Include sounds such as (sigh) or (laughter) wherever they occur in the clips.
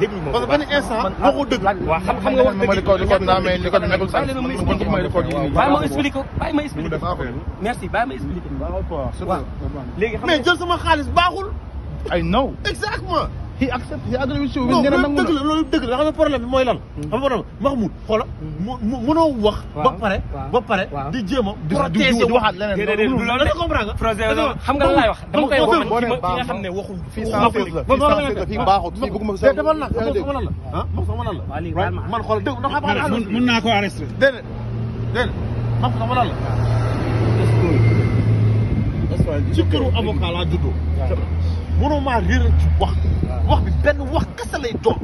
dégg nga parce que benn instant waxu dëgg waaw xam xam nga wax dëgg bàyyi ma expliqué ko bàyyi ma expliqué merci bàyyi ma expliqué waaw léegi xam mais jël sama xaalis baaxul ay naw exactement he accept he agree with you. non dëgg la loolu dëgg la xam nga problème bi mooy lan. Hmm. xam nga problème Mahmoud xoola hmm. mu mënoo wax. ba pare ba pare di jéem a. protéger waxaat leneen déedéet du loolu comprendre nga. xam nga lan laay wax dama koy wax man ki nga xam ne waxul. fii sans fil la fii baaxut fii bëgguma sa dama la man man xoola dëgg na xam nga. mën naa ko arrêté. déedéet déedéet xam nga lan la. ci këru avocat laa juddoo mënoo maa réeral ci wax wax bi benn wax kese lay doon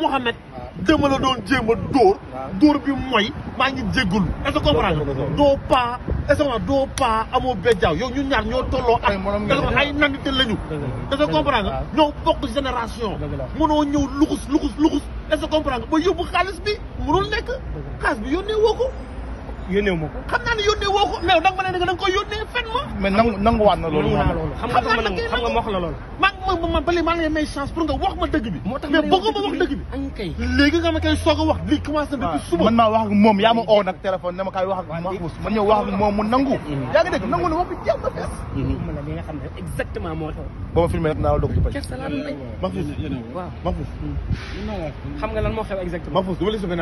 Mouhamed dama la doon jéem a door dóor bi mooy maa ngi jéggul est-ce que comprendre doo paa est-ce que doo paa amoo bejjaaw yow ñu ñaar ñoo tolloo ak est-ce que ay nandite lañu est-ce que comprendre ñoo bokk génération mënoo ñëw luxus luxus luxus est-ce que comprendre ba yóbbu xaalis bi mënul nekk xaalis bi yónnee woo ko yónnee wu ma ko. xam naa ne yónnee woo ko mais danga ma ne da nga koy yónnee ma. nangu nanguwaat na loolu. xam nga maa ngi maa ngi lay chance pour nga wax ma dëgg bi. moo tax mais bëgg ma wax dëgg bi. kay léegi nga ma koy soog a wax lii commencé na depuis suba. man maa wax moom yaa ma o nag téléphone ne ma kaay wax ak ma man ñëw nangu. Mm-hmm. yaa ngi dégg nangu na wax bi jeex na fees. Mm-hmm. Mm-hmm. man la li nga naa la doog ci pàcc. Mahfouz du ma la gis benn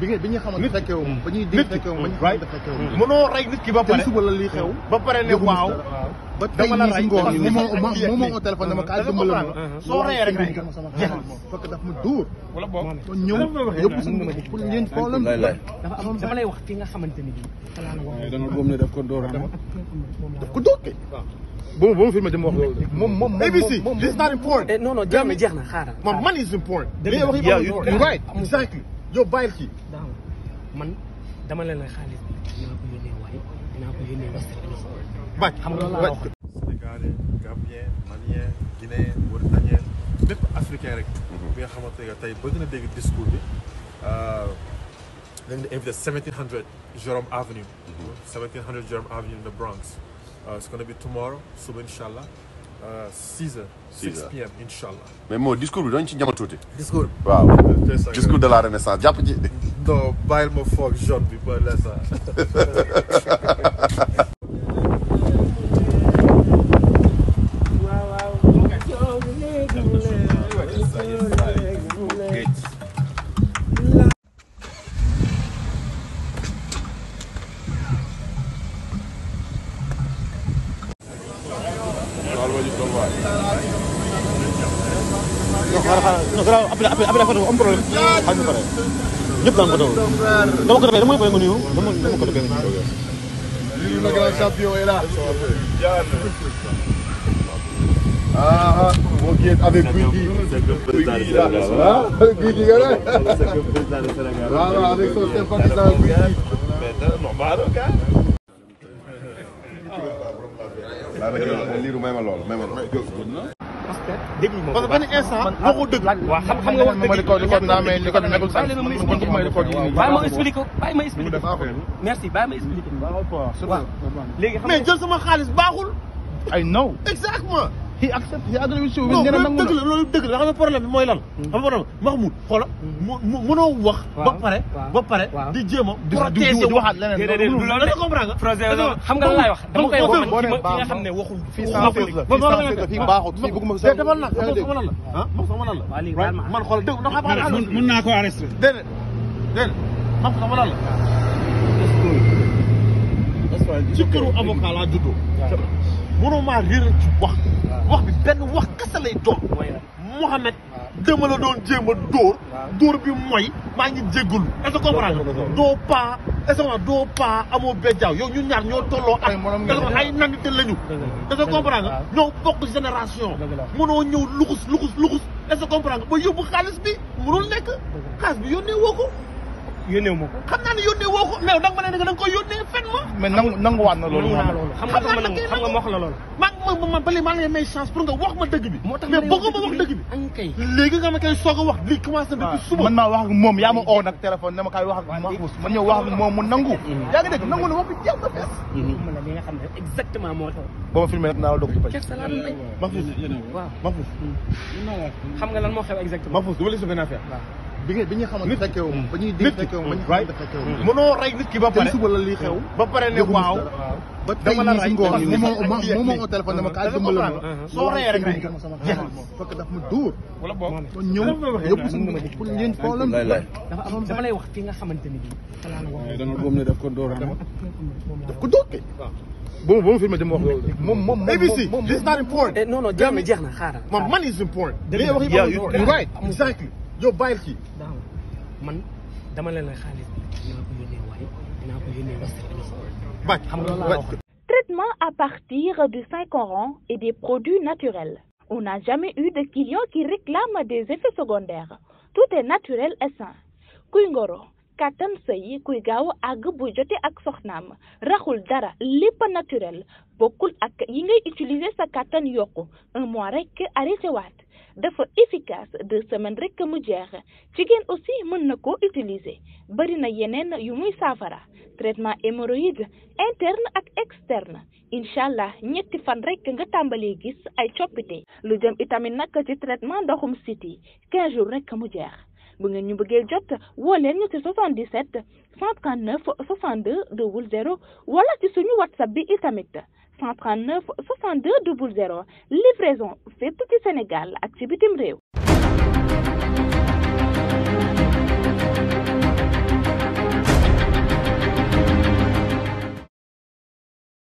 bi nga bi nga xamante fekkee wu ba ñuy dégg fekkee wu ba ñu xamante fekkee wu mënoo rey nit ki ba pare suba la lii xew ba pare ne waaw ba tey jii si ngoon yi moom moo téléphone dama kaay dimbali ma soo reyee rek rek jeex parce que daf ma dóor wala boog kon ñëw yëpp suñu pour ngeen problème dafa am dama lay wax fi nga xamante ni bi da nga gëm ne daf ko dóor daf ko dóor kay ba mu ba mu filmé dama wax loolu moom moom ABC this is not important eh, non non jeex na jeex na xaaral man man is important li wax yi right exactly Diop bàyyil kii. daaw man dama leen ne xaalis bi dinaa ko yónnee waaye dinaa ko yónnee weste bàcc xam nga loolu laa gambien malien guinéen mauritanien bépp africain rek. Mhm. bi nga xamante ne tey bëgg na dégg discours bi. Euh, dañ la invité 1700 Jérôme Avenue. 1700 mhm. Jérôme Avenue in the Bronx. Euh, it's tomorrow suba incha allah. 6 heures. 6 p.m. incha allah. mais moo discours bi dañ ci ñama tuuti. discours bi waaw. discours de la renaissance jàpp ji non bàyyil ma foog jaune bi ba l'instant. (laughs) non xaaral xaaral non garaaw appelé appelé photo am problème xaaral ñu pare ñëpp daan ko dawal dama ko defee dama ko nuyu dama dama ko defee le grand champion est là ah on vient avec Guigui Guigui là ah Guigui nga ne waaw waaw avec son sympathisant Guigui liiru may ma loolu may ma loolu parce que déglu ma parce que benn instant moo ko ah, dëgg waaw xam xam nga wax dëgg li ko li ko mais li ko nekkul sax bàyyi ma expliqué ko bàyyi ma expliqué merci bàyyi ma expliqué waaw léegi mais jël sama xaalis baaxul ay naw exactement he accept he agree with you. non loolu dëgg la loolu dëgg la xam nga problème bi mooy lan. xam nga problème Mahmoud xoola mu mënoo wax. ba pare ba pare di jéem a. protéger waxaat leneen loolu da nga comprendre nga. xam nga lan laay wax dama koy wax man ki nga xam ne waxul. fii sans fil la fii baaxut fii bëgguma sa dama la sama lan la ah sama lan la. man xoola dëgg ndax xam nga. mën naa ko arrêté. déedéet déedéet sama lan la. ci këru avocat laa juddoo. mënoo maa réeral ci wax. wax bi benn wax kese lay doon. Mouhamed dama la doon jéem a dóor. dóor bi mooy maa ngi jégalu. est-ce que comprendre doo paa est-ce que doo paa amoo bejjaaw yow ñu ñaar ñoo tolloo ak. ay nanite lañu. est-ce que comprendre nga ñoo bokk génération. mënoo ñëw luxus luxus luxus. est ba yóbbu xaalis bi mënul nekk. xaalis bi yónnee woo yónnee ma ko xam naa ne yónnee woo ko mais danga ma ne danga koy yónnee nangu nanguwaat na loolu naa loolu xam nga ma wax la loolu maa ngi ma ba léegi maa ngi lay may chance pour nga wax ma dëgg bi moo tax mais wax dëgg bi kay léegi ma koy wax lii commencé na wax ak moom yaa ma oo nag téléphone ne ma wax ak moom mu nangu yaa ngi nangu na wax bi jeex na fees la li nga xam ne exactement moo tax ba ma filmé rek naa la xam nga lan moo xew exactement Mahfouz dama lay sa bi nga bi ñu xamante fekkewu ma mm. ba ñuy dégg fekkewu ma ba ñu xamante fekkewu ma mënoo rey nit ki ba pare suba la li xew mm. ba pare ne waaw ba tey jii si ngoon yi moom moo téléphone dama mm. kaay dimbali ma soo reyee rek rek jeex fekk daf ma dóor wala boog kon ñëw yóbbu sa pour ngeen problème dafa am dama lay wax ki nga xamante ni bi dama boom ne daf ko dóor daf ko dóor kay bu ma bu ma filmé dama wax loolu. moom moom moom ABC this is not important. Eh, non non jeex na jeex na xaaral. man man is important. dëgg la yow right exactly yow bàyyil la xaalis bi dinaa ko yónnee waaye dinaa ko yónnee partir du Saint-Coran et des produits naturels. On n'a jamais eu de clients qui réclament des effets secondaires. Tout est naturel et sain. Kuy ngoro kàttan sëy kuy gaaw àgg buy jotee ak soxnaam raxul dara lépp naturel bokkul ak yi ngay utiliser sa kàttan yokku un mois rek arrêté waat dafa efficace deux semaines rek mu jeex jigéen aussi mën na ko utiliser bari na yeneen yu muy saafara traitement hémorroïde interne ak externe incha allah ñetti fan rek nga tàmbalee gis ay coppite lu jëm itamit nag ci traitement ndoxum siti quinze jours rek mu jeex bu ngeen ñu bëggee jot woo leen ñu ci 77 139 62 00 wala ci suñu whatsapp bi itamit 139 62 00 livraison fépp ci Sénégal ak ci bitim réew